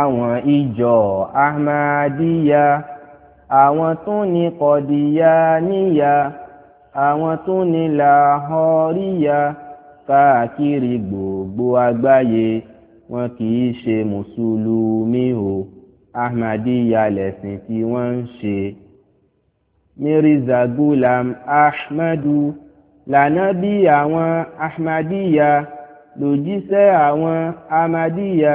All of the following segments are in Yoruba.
àwọn ìjọ ahmadiyya àwọn tún ní kọdíyàníyà àwọn tún ní làhọríyà káàkiri gbogbo àgbáyé wọn kì í ṣe mùsùlùmí o ahmadiyya lẹ̀sìn tí wọ́n ń ṣe. mirza gulam ahmadu lànábì àwọn ahmadiyya lòjíṣẹ́ àwọn ahmadiyya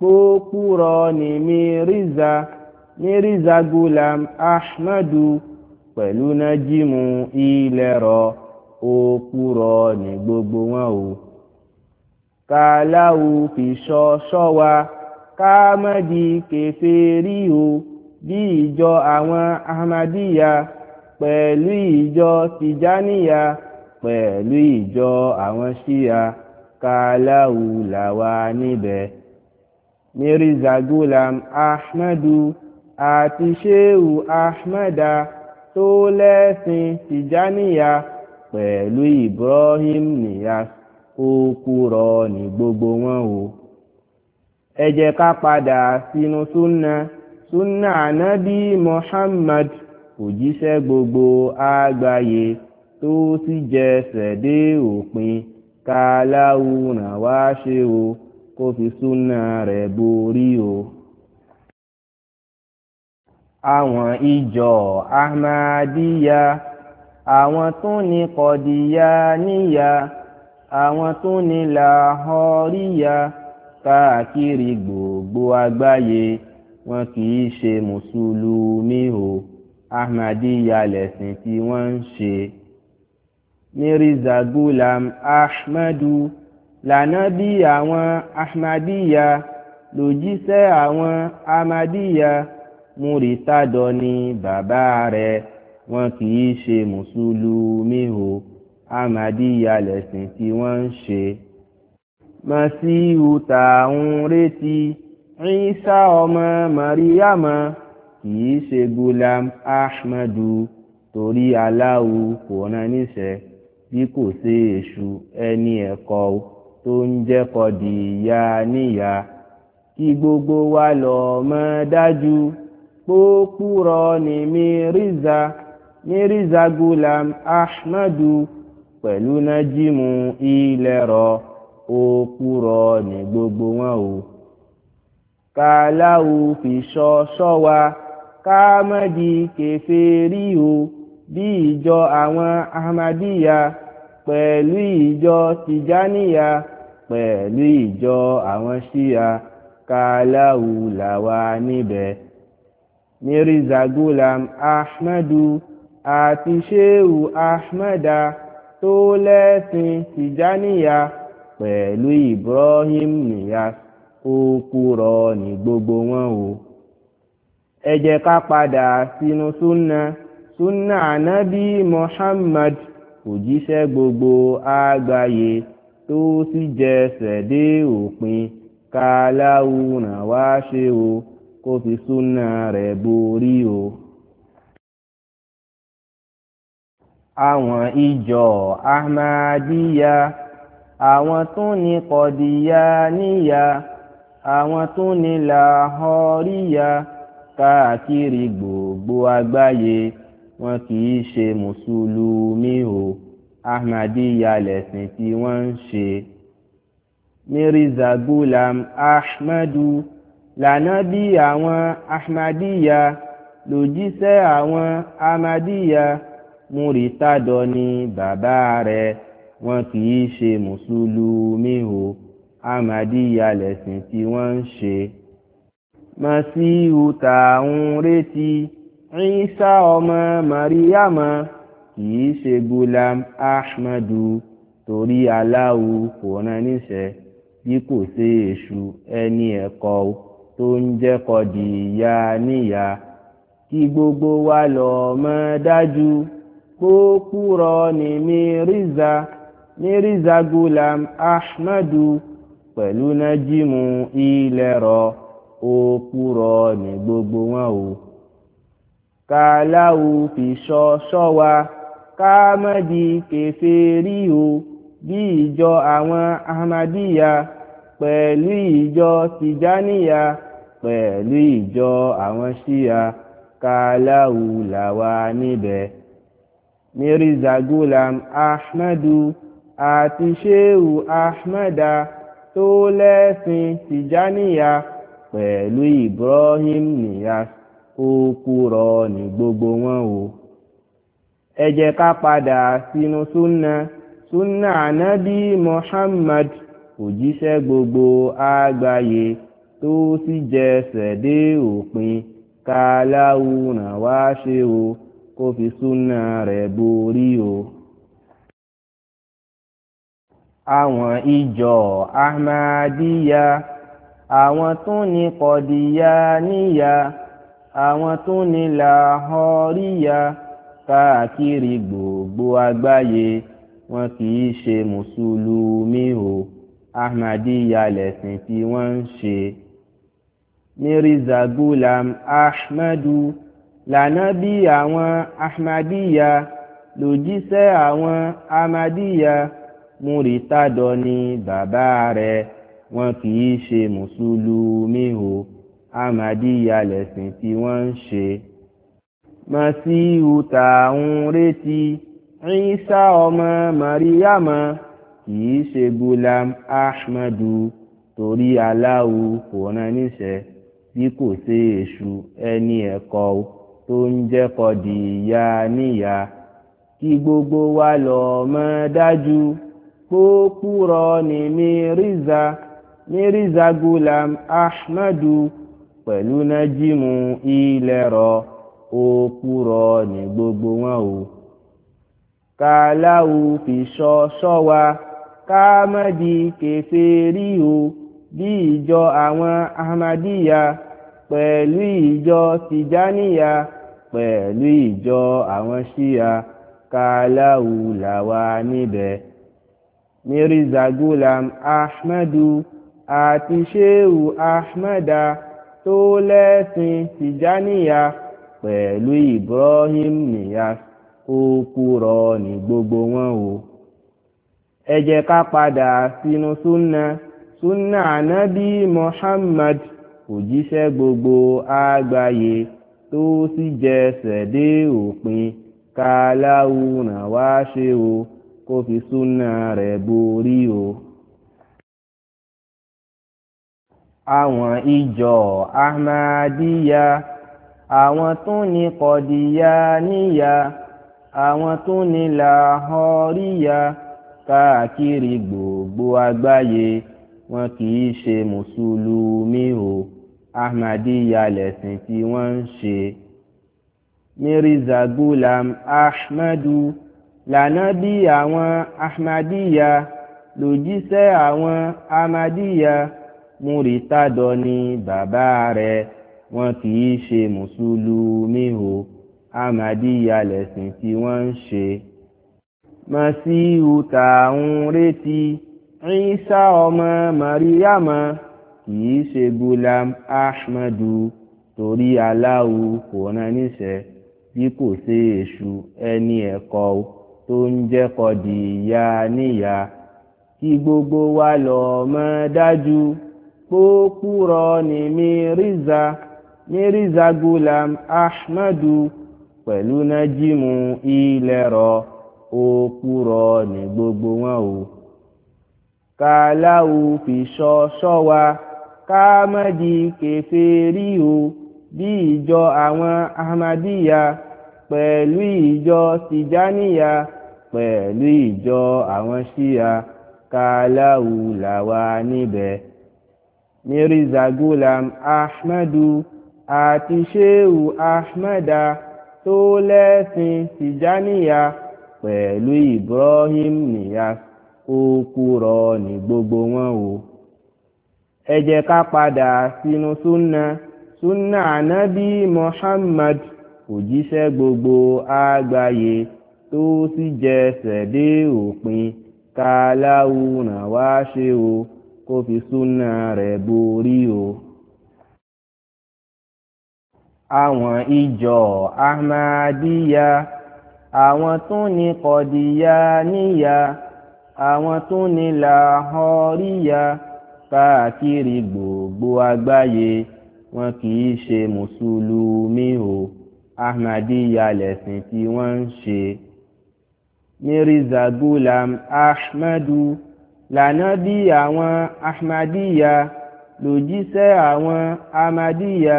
kókúrọ ní mírízà mírízà gulam ahmadu pẹ̀lú nájímù ilẹ̀rọ òkúrọ ní gbogbo wọn o kàláwù fìṣọ ṣọwa kámẹ́dì kẹfẹ́rí o bí ìjọ àwọn ahmadiyya pẹ̀lú ìjọ tìjáníyà pẹ̀lú ìjọ àwọn ṣíya kàláwù làwa níbẹ̀ mirza gulam ahmadu àti sheu ahmada tó lẹ́sìn tìjáníyà pẹ̀lú ibrahim niyas ó kúrọ ní gbogbo wọn o ẹ jẹ́ ká padà sínú súnà súnà ànábì muhammad òjíṣẹ́ gbogbo àgbáyé tó sì jẹsẹ̀ dé òpin ká láwùrán wá ṣe o kó fi súnà rẹ̀ borí o àwọn ìjọ ahmadiyya àwọn tún ní kọdíyà níyà àwọn tún ní làhọríyà káàkiri gbogbo àgbáyé wọn kì í ṣe mùsùlùmí o ahmadiyya lẹ̀sìn tí wọ́n ń ṣe. mirza gulam ahmadu lànà bí àwọn ahmadiyya lòjíṣẹ́ àwọn ahmadiyya múrítàdọ́ ni bàbá rẹ̀ wọn kì í ṣe mùsùlùmí o ahmadiyya lẹ̀sìn tí wọ́n ń ṣe. masihu tá à retí Ìsá ọmọ màríyàmọ kì í ṣe gulam ahmadu torí aláwo kò rán níṣẹ́ bí kò ṣe èṣù ẹni ẹ̀kọ́ o. tó ń jẹ́ kọ̀dìyà níyà kí gbogbo wa lọ mọ̀ dájú pópúrọ ni mírízà mírízà gulam ahmadu pẹ̀lú nájímù ilẹ̀rọ òpúrọ ni gbogbo wọn o kàláwù fi sọ sọ wa káàmọ́dì kẹfẹ́rí o bí ìjọ àwọn ahmadiyya pẹ̀lú ìjọ tìjáníyà. pẹ̀lú ìjọ àwọn ṣíya kàláwù làwa níbẹ̀ mirza gulam ahmadu àti sheu ahmada tó lẹ́sìn tìjáníyà pẹ̀lú ibrahim niyas ó kúrọ ní gbogbo wọn o ẹ jẹ́ ká padà sínú súnà súnà ànábì muhammad òjíṣẹ́ gbogbo àgbáyé. tó sì jẹsẹ̀ dé òpin káláwù náà wá ṣe o kó fi súnà rẹ̀ borí o. àwọn ìjọ ahmadiyya àwọn tún ní kọdíyà níyà àwọn tún ní làhọríyà káàkiri gbogbo àgbáyé wọn kì í ṣe mùsùlùmí o. ahmadiyya lẹ̀sìn tí wọ́n ń ṣe mirza gulam ahmadu lànábì àwọn ahmadiyya lòjíṣẹ́ àwọn ahmadiyya múritádọ ni bàbá rẹ̀ wọn kì í ṣe mùsùlùmí o ahmadiyya lẹ̀sìn tí wọ́n ń ṣe masihu tá retí Ìsá ọmọ màríyàmá kìí ṣe gulam ahmadu torí aláwo kò rán níṣẹ́ bí kò ṣe èṣù ẹni ẹ̀kọ́ tó ń jẹ́kọ̀ di ìyá níyà kí gbogbo wa lọ mọ̀ dájú kó kúrò ní mírízà mírízà gulam ahmadu pẹ̀lú nájímù ilẹ̀ rọ ó kúrò ní gbogbo wọn o kàláwù fi ṣọ́ ṣọ́ wa ká má di kèfèrí o bí ìjọ àwọn ahmadiyya pẹ̀lú ìjọ tijaniya pẹ̀lú ìjọ àwọn ṣíya kàláwù làwa níbẹ̀ mirza gulam ahmadu àti sheu ahmada tó lẹ́sìn tijaniya pẹ̀lú ibrahim niyas ó kúrọ gbogbo wọn o ẹ jẹ́ ká padà sínú súnà súnà ànábì Muhammad òjíṣẹ́ gbogbo àgbáyé tó sì jẹsẹ̀ dé òpin ká láwùrán wá ṣe o kó fi súnà rẹ̀ borí o. àwọn ìjọ Ahmadiyya àwọn tún ní Kọ̀díyàníyà àwọn tún ní Làhọ́ríyà káàkiri gbogbo àgbáyé wọn kì í ṣe mùsùlùmí o ahmadiyya lẹ̀sìn tí wọ́n ń ṣe. mirza gulam ahmadu lànábì àwọn ahmadiyya lòjíṣẹ́ àwọn ahmadiyya múritádọ ni bàbá rẹ̀ wọn kì í ṣe mùsùlùmí o ahmadiyya lẹ̀sìn tí wọ́n ń ṣe màsíhù tà ń retí Ìsá ọmọ Màríyàmá kìí ṣe Gulam Ahmadu torí Allahu kò rán níṣẹ́ bí kò ṣe èṣù ẹni ẹ̀kọ́ tó ń jẹ́kọ̀ di ìyá níyà kí gbogbo wa lọ mọ̀ dájú kó kúrọ̀ ní Mírízà Mírízà Gulam Ahmadu pẹ̀lú nájímù ilẹ̀ rọ̀ òpùrọ́ ní gbogbo wọn o kàláwù fi sọ sọ wa ká má di kèfèrí o bí ìjọ àwọn ahmadíyà pẹ̀lú ìjọ tìjáníyà pẹ̀lú ìjọ àwọn ṣíya kàláwù làwa níbẹ̀ mirza gulam ahmadu àti sheu ahmada tó lẹ́sìn tìjáníyà. pẹ̀lú Ibrahim Niyas ó kúrọ ní gbogbo wọn o ẹ jẹ́ ká padà sínú súnà súnà ànábì Muhammad òjíṣẹ́ gbogbo àgbáyé tó sì jẹsẹ̀ dé òpin káláwùrán wá ṣe o kó fi súnà rẹ̀ borí o. àwọn ìjọ Ahmadiyya. àwọn tún ní kọ̀díyà níyà àwọn tún ní làhọ́ríyà káàkiri gbogbo àgbáyé wọn kì í ṣe mùsùlùmí o ahmadiyya lẹ̀sìn tí wọ́n ń ṣe. mirza gulam ahmadu lànábì àwọn ahmadiyya lòjíṣẹ́ àwọn ahmadiyya múritádọ́ ni bàbá rẹ̀ wọn kì í ṣe mùsùlùmí o amadiya lẹ̀sìn tí wọ́n ń ṣe. masihu tá ń retí Ìsá ọmọ mariama kì í ṣe gulam ahmadu torí aláwo kò rán níṣẹ́ bí kò ṣe èṣù ẹni ẹ̀kọ́ tó ń jẹ́kọ̀ di ìyá níyà kí gbogbo wa lọ́ọ́ mọ̀ dájú pókúrọ̀ ní mírízà mirza zagulam ahmadu pẹ̀lú nájímù ilẹ̀rọ òpùrọ̀ ní gbogbo wọn o kàláwù fi sọ sọ wa káàmọ́dì kèfèrí o bí ìjọ àwọn ahmadiyya pẹ̀lú ìjọ tìjáníyà pẹ̀lú ìjọ àwọn ṣíya kàláwù làwa níbẹ̀ mirza gulam ahmadu àti sheu ahmeda tó lẹ́sìn tìjáníyà pẹ̀lú ibrahim niyas ó kúrọ ní gbogbo wọn o ẹ jẹ́ ká padà sínú súnà súnà ànábì muhammad òjíṣẹ́ gbogbo àgbáyé tó sì jẹsẹ̀ dé òpin ká láwùrán wá ṣe o kó fi súnà rẹ̀ borí o àwọn ìjọ ahmadiyya àwọn tún ní kọdíyà níyà àwọn tún ní làhọríyà káàkiri gbogbo àgbáyé wọn kì í ṣe mùsùlùmí o ahmadiyya lẹ̀sìn tí wọ́n ń ṣe. mirza gulam ahmadu lànábì àwọn ahmadiyya lòjíṣẹ́ àwọn ahmadiyya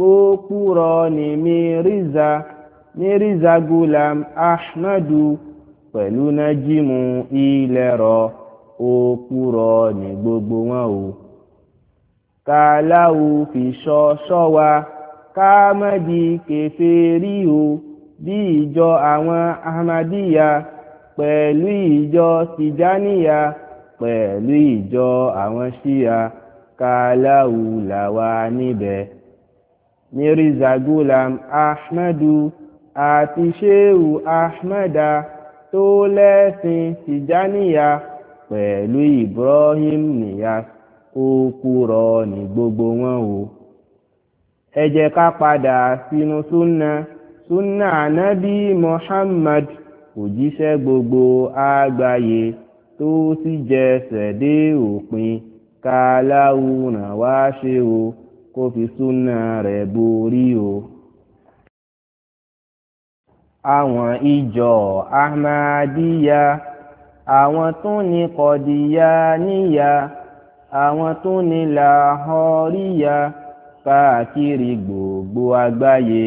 pópúrọ ní mírízà mírízà gulam ahmadu pẹ̀lú nájímù ilẹ̀rọ òpúrọ ní gbogbo wọn o kàláwù fìṣọ ṣọwa kámẹ́dì kẹfẹ́rí o bí ìjọ àwọn ahmadiyya pẹ̀lú ìjọ tijaniya pẹ̀lú ìjọ Shia, ṣíya kàláwù làwa níbẹ̀ mirza gulam ahmadu àti sheu ahmeda tó lẹ́sìn tìjáníyà pẹ̀lú ibrahim niyas ó kúrọ ní gbogbo wọn o ẹ jẹ́ ká padà sínú súnà súnà ànábì muhammad òjíṣẹ́ gbogbo àgbáyé tó sì jẹsẹ̀ dé òpin ká láwùrán wá ṣe o kó fi súnà rẹ̀ borí o àwọn ìjọ ahmadiyya àwọn tún ní kọdíyà níyà àwọn tún ní làhọríyà káàkiri gbogbo àgbáyé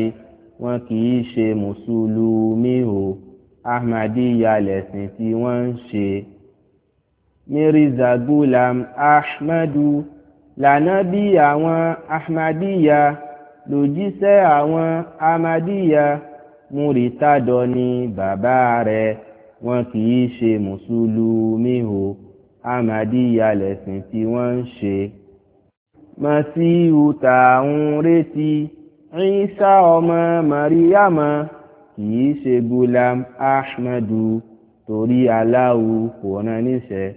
wọn kì í ṣe mùsùlùmí o ahmadiyya lẹ̀sìn tí wọ́n ń ṣe. mirza gulam ahmadu lànà bí àwọn ahmadiyya lòjíṣẹ́ àwọn ahmadiyya múritádọ ni bàbá rẹ̀ wọn kì í ṣe mùsùlùmí o ahmadiyya lẹ̀sìn tí wọ́n ń ṣe. masihu tààrùn retí Ìsá ọmọ mariama kì í ṣe gulam ahmadu torí aláwo kò rán níṣẹ́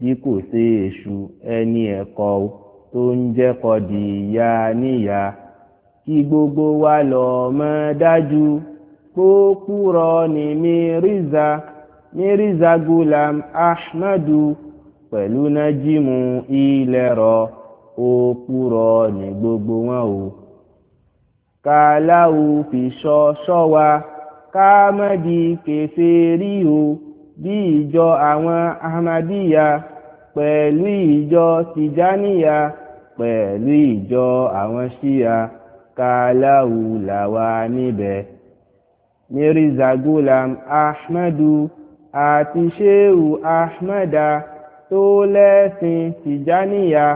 bí kò ṣe èṣù ẹni ẹ̀kọ́ o tó ń jẹ́ kọ̀dìyà níyà kí gbogbo wa lọ mọ̀ dájú kó kúrọ̀ ní mírízà mírízà gulam ahmadu pẹ̀lú nájímù ilẹ̀rọ ó kúrọ̀ ní gbogbo wọn o kàláwù fi ṣọ́ ṣọ́ wa ká má di kèfèrí o bí ìjọ àwọn ahmadiyya pẹ̀lú ìjọ tìjáníyà pẹ̀lú ìjọ àwọn ṣíya kàláwù làwa níbẹ̀ mirza ahmadu àti sheu ahmada tó lẹ́sìn tìjáníyà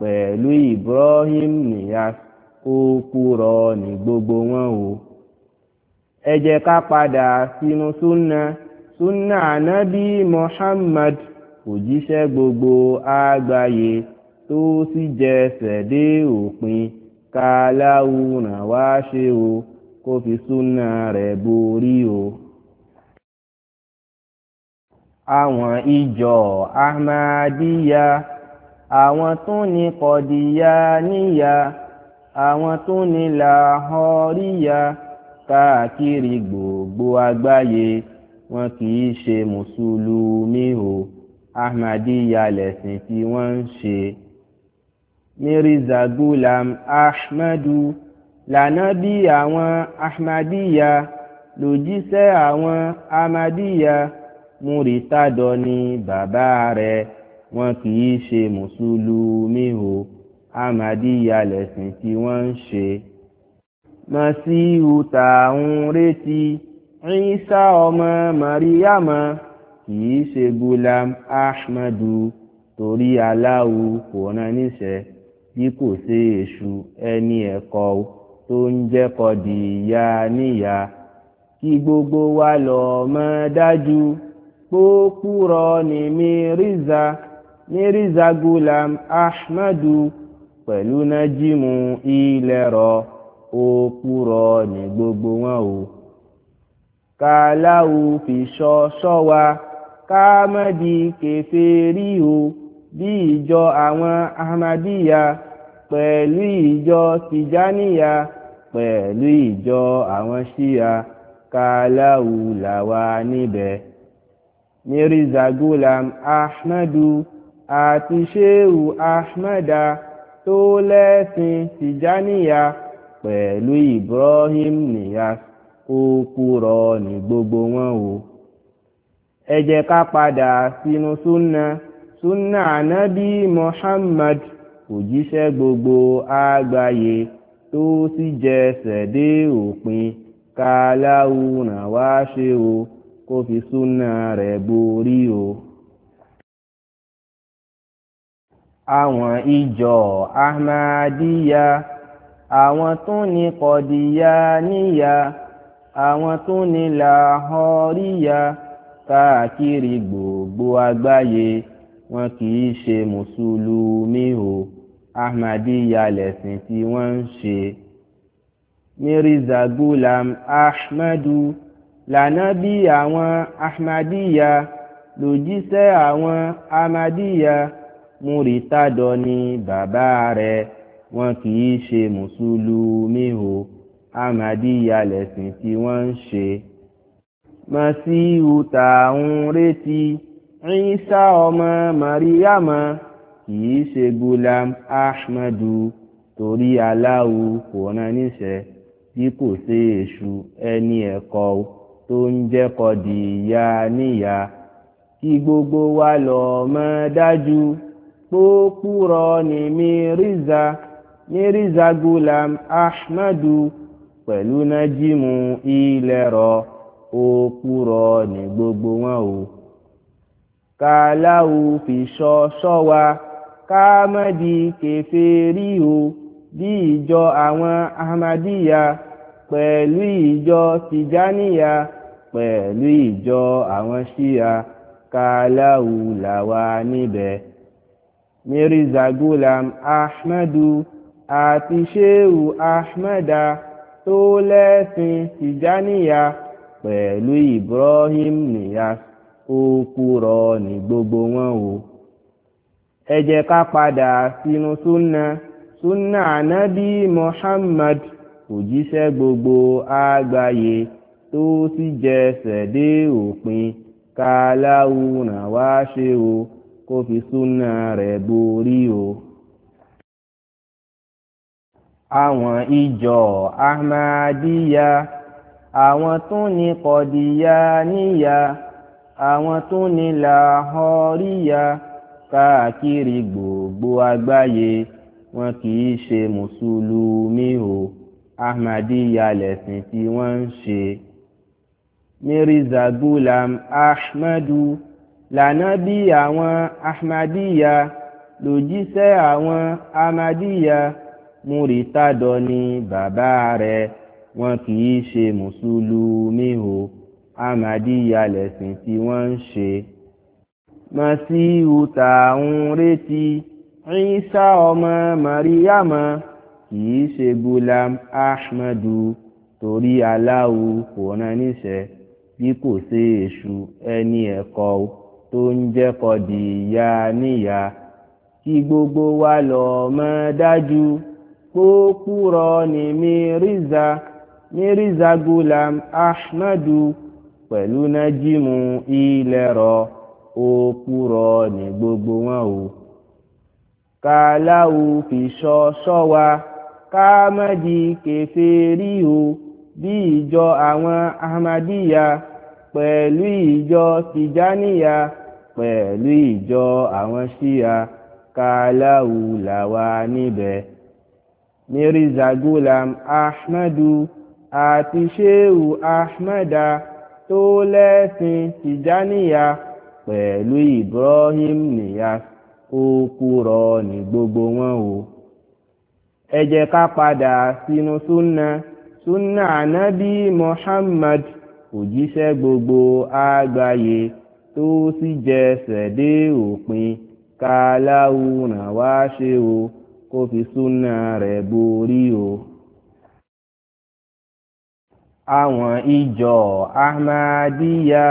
pẹ̀lú ibrahim niyas ó kúrọ ní gbogbo wọn o ẹ jẹ́ ká padà sínú súnà súnà ànábì muhammad òjíṣẹ́ gbogbo àgbáyé tó sì jẹsẹ̀ dé òpin ka ràn wá ṣe o kó fi súnà rẹ̀ borí o. àwọn ìjọ ahmadiyya àwọn tó ní kọdíyà níyà àwọn tó ní làhọríyà káàkiri gbogbo àgbáyé wọn kì í ṣe mùsùlùmí o. ahmadiyya lẹ̀sìn sin wọ́n ń ṣe mirza gulam ahmadu lànábì àwọn ahmadiyya lòjíṣẹ́ àwọn ahmadiyya múritádọ́ ni bàbá rẹ̀ wọn kì í ṣe mùsùlùmí o ahmadiyya lẹ̀sìn tí wọ́n ń ṣe masihu tá à retí Ìsá ọmọ màríyàmá kì í ṣe gulam ahmadu torí aláwo kò rán níṣẹ́ bí kò ṣe èṣù ẹni ẹ̀kọ́ tó ń jẹ́kọ dìyà níyà kí gbogbo wa lọ mọ̀ dájú pópúrọ ni mírízà mírízà gulam ahmadu pẹ̀lú nájímù ilẹ̀rọ òpùrọ ni gbogbo wọn o kàláwù fi ṣọ́ ṣọ́ wa. So, so ká má di kèfèrí o bí ìjọ àwọn ahmadiyya pẹ̀lú ìjọ tijaniya pẹ̀lú ìjọ àwọn shia kàláwù làwa níbẹ̀ mirza gulam ahmadu àti sheu ahmada tó lẹ́sìn tijaniya pẹ̀lú ibrahim niyas ó kúrọ ní gbogbo wọn o ẹ jẹ́ ká padà sínú súnà súnà ànábì Muhammad òjíṣẹ́ gbogbo àgbáyé tó sì jẹsẹ̀ dé òpin káláwù náà wá ṣe o kó fi súnà rẹ̀ borí o. àwọn ìjọ ahmadiyya àwọn tó ní kọdíyà níyà àwọn tó ní làhọríyà káàkiri gbogbo àgbáyé wọn kì í ṣe mùsùlùmí o ahmadiyya lẹ̀sìn tí wọ́n ń ṣe. mirza gulam ahmadu lànábì àwọn ahmadiyya lòjíṣẹ́ àwọn ahmadiyya múritádọ́ ni bàbá rẹ̀ wọn kì í ṣe mùsùlùmí o ahmadiyya lẹ̀sìn tí wọ́n ń ṣe. Masiu tá à ń retí Ìsá ọmọ màríyàmá kìí ṣe gulam ahmadu torí aláwo kò rán níṣẹ́ bí kò ṣe èṣù ẹni ẹ̀kọ́ tó ń jẹ́kọ di ìyá níyà kí gbogbo wa lọ mọ̀ dájú pópúrọ ni mírízà mírízà gulam ahmadu pẹ̀lú nájímù ilẹ̀ òpùrọ́ ní gbogbo wọn o kàláwù fi sọ sọ wa káàmọ́dì kèfèrí o bí ìjọ àwọn ahmadíyà pẹ̀lú ìjọ tìjáníyà pẹ̀lú ìjọ àwọn ṣíya kàláwù làwa níbẹ̀ mirza gulam ahmadu àti sheu ahmada tó lẹ́sìn tìjáníyà. pẹ̀lú Ibrahim Niyas ó kúrọ ní gbogbo wọn o ẹ jẹ́ ká padà sínú súnà súnà ànábì Muhammad jíṣẹ́ gbogbo àgbáyé tó sì jẹsẹ̀ dé òpin káláwùnà wá ṣe o kó fi súnà rẹ̀ borí o àwọn ìjọ ahmadiyya àwọn tún ní kọ̀díyà níyà àwọn tún ní làhọ́ríyà káàkiri gbogbo àgbáyé wọn kì í ṣe mùsùlùmí o ahmadiyya lẹ̀sìn tí wọ́n ń ṣe. mirza gulam ahmadu lànábì àwọn ahmadiyya lòjíṣẹ́ àwọn ahmadiyya múritádọ́ ni bàbá rẹ̀ wọn kì í ṣe mùsùlùmí o amadiya lẹ̀sìn tí wọ́n ń ṣe. masihu tá ń retí Ìsá ọmọ mariama kì í ṣe gulam ahmadu torí aláwo kò rán níṣẹ́ bí kò ṣe èṣù ẹni ẹ̀kọ́ tó ń jẹ́kọ̀ di ìyá níyà kí gbogbo wa lọ́ọ́ mọ̀ dájú kó kúrò ní mírízà mirza zagulam ahmadu pẹ̀lú nájímù ilẹ̀rọ òpùrọ̀ ní gbogbo wọn o kàláwù fi sọ sọ wa káàmádì kèfèrí o bí ìjọ àwọn ahmadiyya pẹ̀lú ìjọ tìjáníyà pẹ̀lú ìjọ àwọn ṣíya kàláwù làwa níbẹ̀ mirza gulam ahmadu àti sheu ahmeda tó lẹ́sìn tìjáníyà pẹ̀lú ibrahim niyas ó kúrọ ní gbogbo wọn o ẹ jẹ́ ká padà sínú súnà súnà ànábì muhammad òjíṣẹ́ gbogbo àgbáyé tó sì jẹsẹ̀ dé òpin ká láwùrán wá ṣe o kó fi súnà rẹ̀ borí o àwọn ìjọ ahmadiyya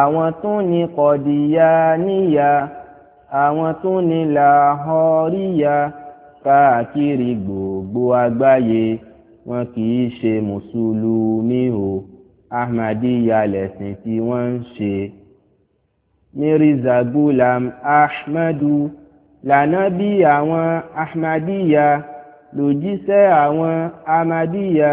àwọn tún ní kọdíyà níyà àwọn tún ní làhọríyà káàkiri gbogbo àgbáyé wọn kì í ṣe mùsùlùmí o ahmadiyya lẹ̀sìn tí wọ́n ń ṣe. mirza gulam ahmadu lànábì àwọn ahmadiyya lòjíṣẹ́ àwọn ahmadiyya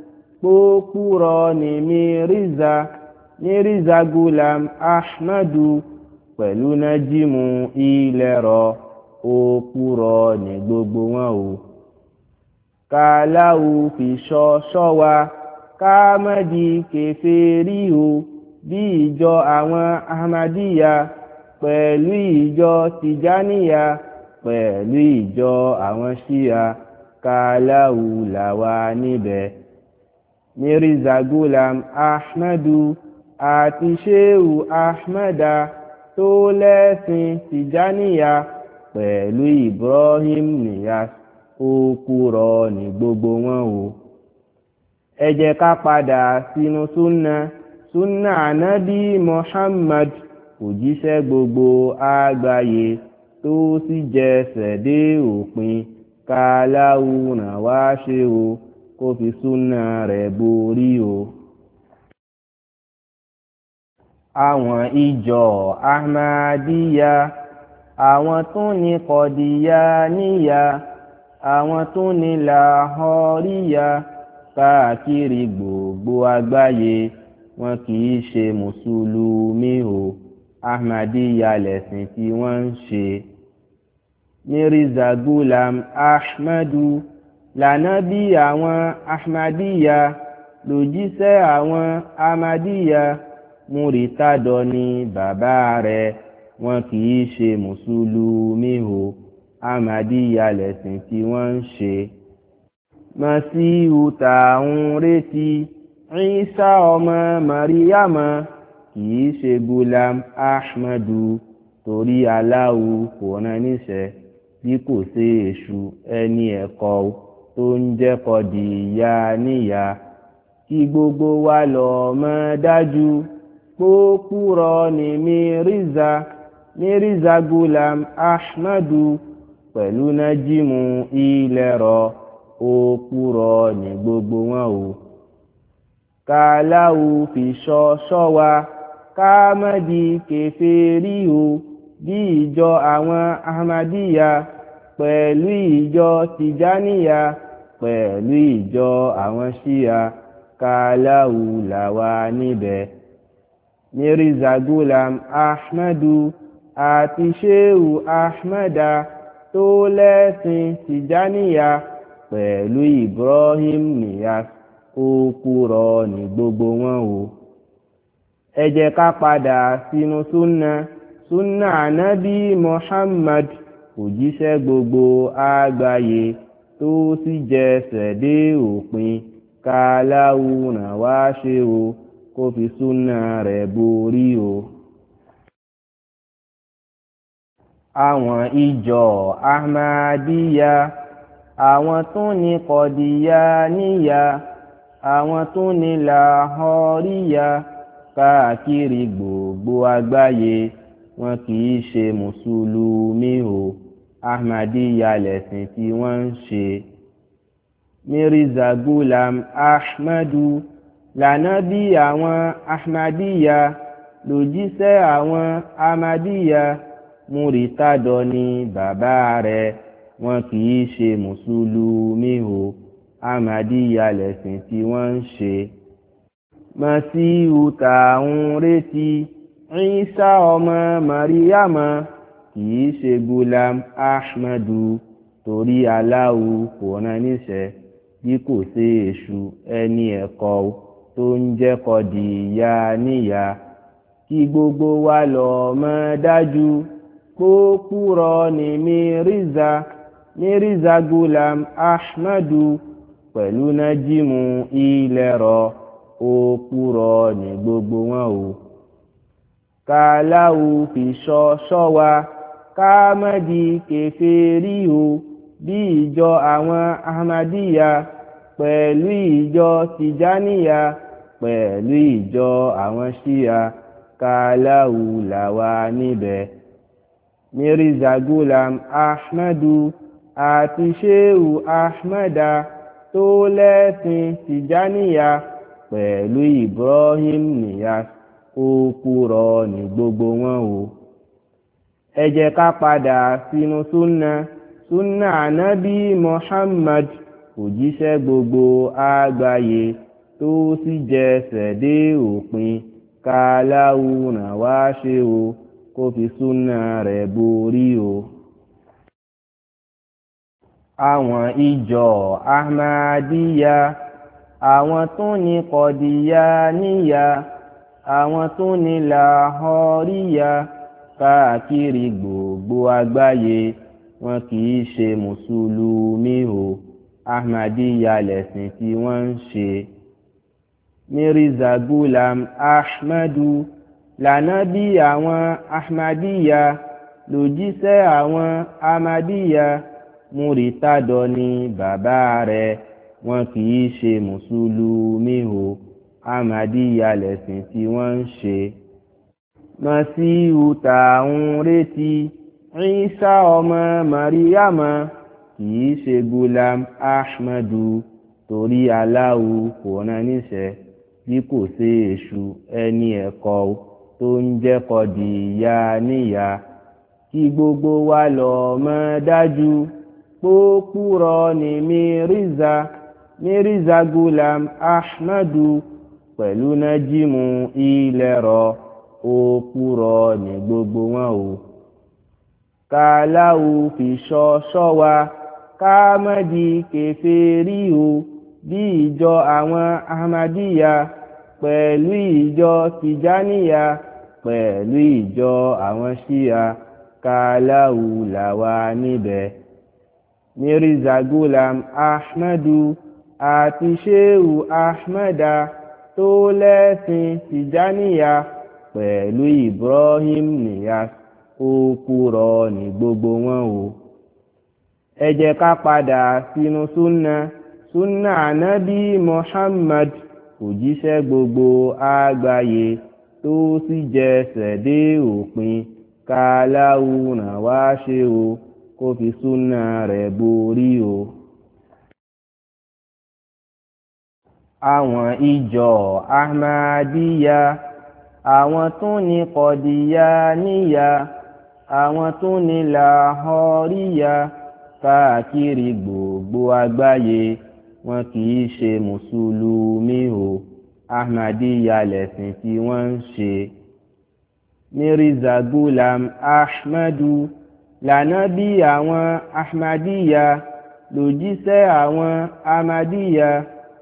pópúrọ ní mírízà mírízà gulam ahmadu pẹ̀lú nájímù ilẹ̀rọ òpùrọ ní gbogbo wọn o kàláwù fi ṣọ ṣọwa kámẹ́dì kẹfẹ́rí o bí ìjọ àwọn ahmadiyya pẹ̀lú ìjọ tìjáníyà pẹ̀lú ìjọ àwọn ṣíya kàláwù làwa níbẹ̀ mirza gulam ahmadu àti sheu ahmada tó lẹ́sìn tìjáníyà pẹ̀lú ibrahim niyas ó kúrọ ní gbogbo wọn o ẹ jẹ́ ká padà sínú súnà súnà ànábì muhammad òjíṣẹ́ gbogbo àgbáyé tó sì jẹsẹ̀ dé òpin ká láwùrán wá ṣe o kó fi súnà rẹ̀ borí o. àwọn ìjọ ahmadiyya àwọn tún ní kọdíyà níyà àwọn tún ní làhọríyà káàkiri gbogbo àgbáyé wọn kì í ṣe mùsùlùmí o ahmadiyya lẹ̀sìn tí wọ́n ń ṣe. mirza ahmadu lànà bí àwọn ahmadiyya lòjíṣẹ́ àwọn ahmadiyya múritádọ ni bàbá rẹ̀ wọn kì í ṣe mùsùlùmí o ahmadiyya lẹ̀sìn tí wọ́n ń ṣe. masihu tààrùn retí Ìsá ọmọ mariama kì í ṣe gulam ahmadu torí Allahu kò rán níṣẹ́ bí kò ṣe èṣù ẹni ẹ̀kọ́ o tó ń jẹ́ kọ̀dì ìyá níyà kí gbogbo wa lọ mọ̀ dájú pókúrọ̀ ní mírízà mírízà gulam ahmadu pẹ̀lú nájímù ilẹ̀rọ òkúrọ̀ ní gbogbo wọn o kàláwù fi ṣọ́ ṣọ́ wa káàmọ́dì kẹfẹ́ rí o bí ìjọ àwọn ahmadiyya pẹ̀lú ìjọ tìjáníyà pẹ̀lú ìjọ àwọn ṣíya kàláwù làwa níbẹ̀ mirza ahmadu àti sheu ahmada tó lẹ́sìn tìjáníyà pẹ̀lú ibrahim niyas ó kúrọ ní gbogbo wọn o ẹ jẹ́ ká padà sínú súnà súnà ànábì muhammad òjíṣẹ́ gbogbo àgbáyé tó sì jẹsẹ̀ dé òpin káláwù ràn wá ṣe o kó fi súnà rẹ̀ borí o. àwọn ìjọ ahmadiyya àwọn tó ní kọdíyà níyà àwọn tún ní làhọríyà káàkiri gbogbo àgbáyé. wọn kì í ṣe mùsùlùmí o ahmadiyya lẹ̀sìn tí wọ́n ń ṣe. mirza gulam ahmadu lànábì àwọn ahmadiyya lòjíṣẹ́ àwọn ahmadiyya múritádọ ni bàbá rẹ̀ wọn kì í ṣe mùsùlùmí o ahmadiyya lẹ̀sìn tí wọ́n ń ṣe. masihu tá ń retí. Ìsá ọmọ Màríyàmá kìí ṣe Gulam Ahmadu torí Allahu kò rán níṣẹ́ bí kò ṣe èṣù ẹni ẹ̀kọ́ tó ń jẹ́kọ̀ di ìyá níyà kí gbogbo wa lọ mọ̀ dájú kó kúrò ní Mírízà Mírízà Gulam Ahmadu pẹ̀lú nájímù ilẹ̀ rọ ó kúrò ní gbogbo wọn o kàláwù fi sọ sọ wa di kèfèrí o bí ìjọ àwọn ahmadiyya pẹ̀lú ìjọ tijaniya pẹ̀lú ìjọ àwọn shia kàláwù làwa níbẹ̀. mirza gulam ahmadu àti sheu ahmada tó lẹ́sìn tijaniya pẹ̀lú ibrahim niyas òpùrọ́ ní gbogbo wọn o ẹ jẹ ká padà sínú súnà súnà ànábì Muhammad òjíṣẹ́ gbogbo àgbáyé tó sì jẹsẹ̀ dé òpin káláwù ràn wá ṣe o kó fi súnà rẹ̀ borí o àwọn ìjọ ahmadiyya àwọn tó ní kọdíyà níyà àwọn tó ní làhọ́ríyà káàkiri gbogbo àgbáyé wọn kì í ṣe mùsùlùmí o ahmadiyya lẹ̀sìn tí wọ́n ń ṣe. mirza gulam ahmadu lànábì àwọn ahmadiyya lòjíṣẹ́ àwọn ahmadiyya múrítàdọ́ ni bàbá rẹ̀ wọn kì í ṣe mùsùlùmí o. Ahmadiyya lẹ̀sìn tí wọ́n ń ṣe. Masihu tá ń retí Ìsá ọmọ Màríyàmá kì ṣe Gulam Ahmadu torí Allahu kò rán níṣẹ́ bí kò ṣe èṣù ẹni ẹ̀kọ́ tó ń jẹ́kọ̀ di ìyá níyà kí gbogbo wa lọ mọ̀ dájú pópúrọ̀ ní Mírízà Mírízà Gulam Ahmadu pẹ̀lú nájímù ilẹ̀rọ òpùrọ̀ ní gbogbo wọn o kàláwù fi ṣọ ṣọ́wa káàmọ́dì kẹfẹ́rí o bí ìjọ àwọn ahmadíyà pẹ̀lú ìjọ tìjáníyà pẹ̀lú ìjọ àwọn ṣíya kàláwù làwa níbẹ̀ mirza gulam ahmadu àti sheu ahmada. tó lẹ́sìn tìjáníyà pẹ̀lú ibrahim niyas ó kúrọ ní gbogbo wọn o ẹ ká padà sínú súnà súnà ànábì muhammad òjíṣẹ́ gbogbo àgbáyé tó sì jẹsẹ̀ dé òpin ká wá ṣe o kó fi súnà rẹ̀ borí àwọn ìjọ ahmadiyya àwọn tún ní kọdíyàníyà àwọn tún ní làhọríyà káàkiri gbogbo àgbáyé wọn kì í ṣe mùsùlùmí o ahmadiyya lẹ̀sìn tí wọ́n ń ṣe. mirza gulam ahmadu lànábì àwọn ahmadiyya lòjíṣẹ́ àwọn ahmadiyya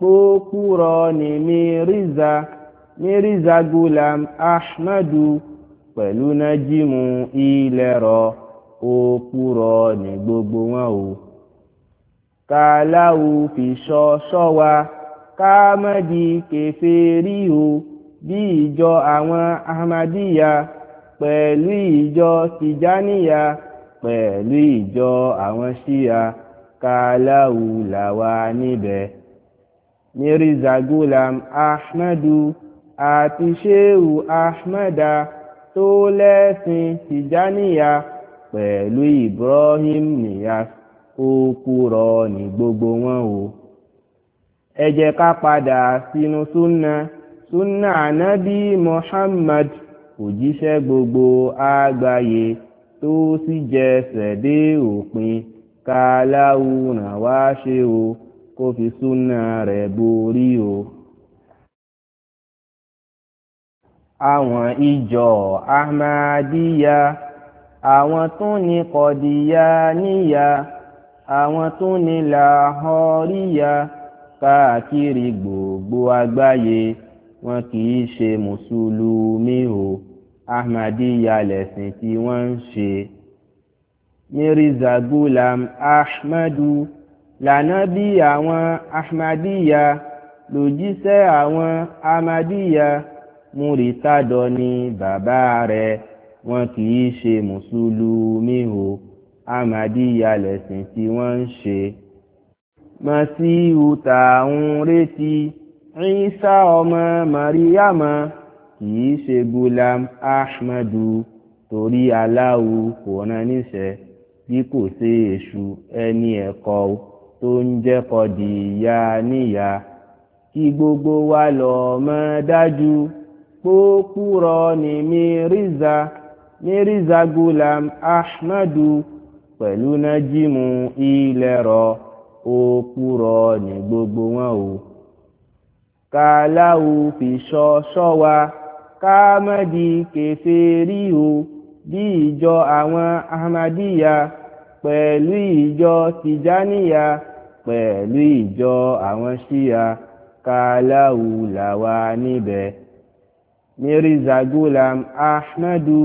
kókúrọ ní mírízà mírízà gulam ahmadu pẹ̀lú nájímù ilẹ̀rọ òkúrọ ní gbogbo wọn o kàláwù fi sọ sọ́wa káàmọ́dì kẹfẹ́rí o bí ìjọ àwọn ahmadiyya pẹ̀lú ìjọ tìjáníyà pẹ̀lú ìjọ àwọn ṣíya kàláwù làwa níbẹ̀ mirza gulam ahmadu àti sheu ahmada tó lẹ́sìn tìjáníyà pẹ̀lú ibrahim niyas ó kúrọ ní gbogbo wọn o ẹ ká padà sínú súnà súnà ànábì muhammad òjíṣẹ́ gbogbo àgbáyé tó sì jẹsẹ̀ dé òpin ká láwùrán wá ṣe o kó fi súnà rẹ̀ borí o. àwọn ìjọ ahmadiyya àwọn tún ní kọdíyà níyà àwọn tún ní làhọríyà káàkiri gbogbo àgbáyé wọn kì í ṣe mùsùlùmí o ahmadiyya lẹ̀sìn tí wọ́n ń ṣe. mirza ahmadu lànà bí àwọn ahmadiyya lòjíṣẹ́ àwọn Ahmadiya, múritádọ ni bàbá rẹ̀ wọn kì í ṣe mùsùlùmí o ahmadiyya lẹ̀sìn tí wọ́n ń ṣe. masihu tààrùn retí Ìsá ọmọ mariama kì í ṣe gulam ahmadu torí Allahu kò rán níṣẹ́ bí kò ṣe èṣù ẹni ẹ̀kọ́ o tó ń jẹ́ kọ̀dìyà níyà kí gbogbo wa lọ mọ̀ dájú pókúrọ̀ ní mírízà mírízà gulam ahmadu pẹ̀lú nájímù ilẹ̀rọ òkúrọ̀ ní gbogbo wọn o kàláwù fi ṣọ́ ṣọ́ wa káàmọ́dì kẹfẹ́ rí o bí ìjọ àwọn ahmadiyya pẹ̀lú ìjọ tìjáníyà pẹ̀lú ìjọ àwọn ṣíya kàláwù làwa níbẹ̀ mirza gulam ahmadu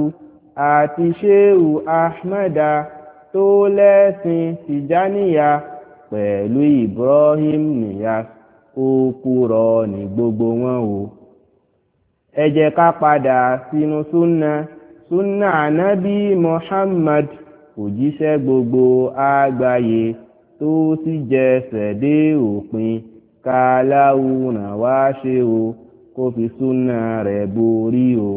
àti sheu ahmada tó lẹ́sìn tìjáníyà pẹ̀lú ibrahim niyas ó kúrọ ní gbogbo wọn o ẹ jẹ́ ká padà sínú súnà súnà ànábì muhammad òjíṣẹ́ gbogbo àgbáyé tó sì jẹsẹ̀ dé òpin ká wá ṣe o kó fi súnà rẹ̀ borí o.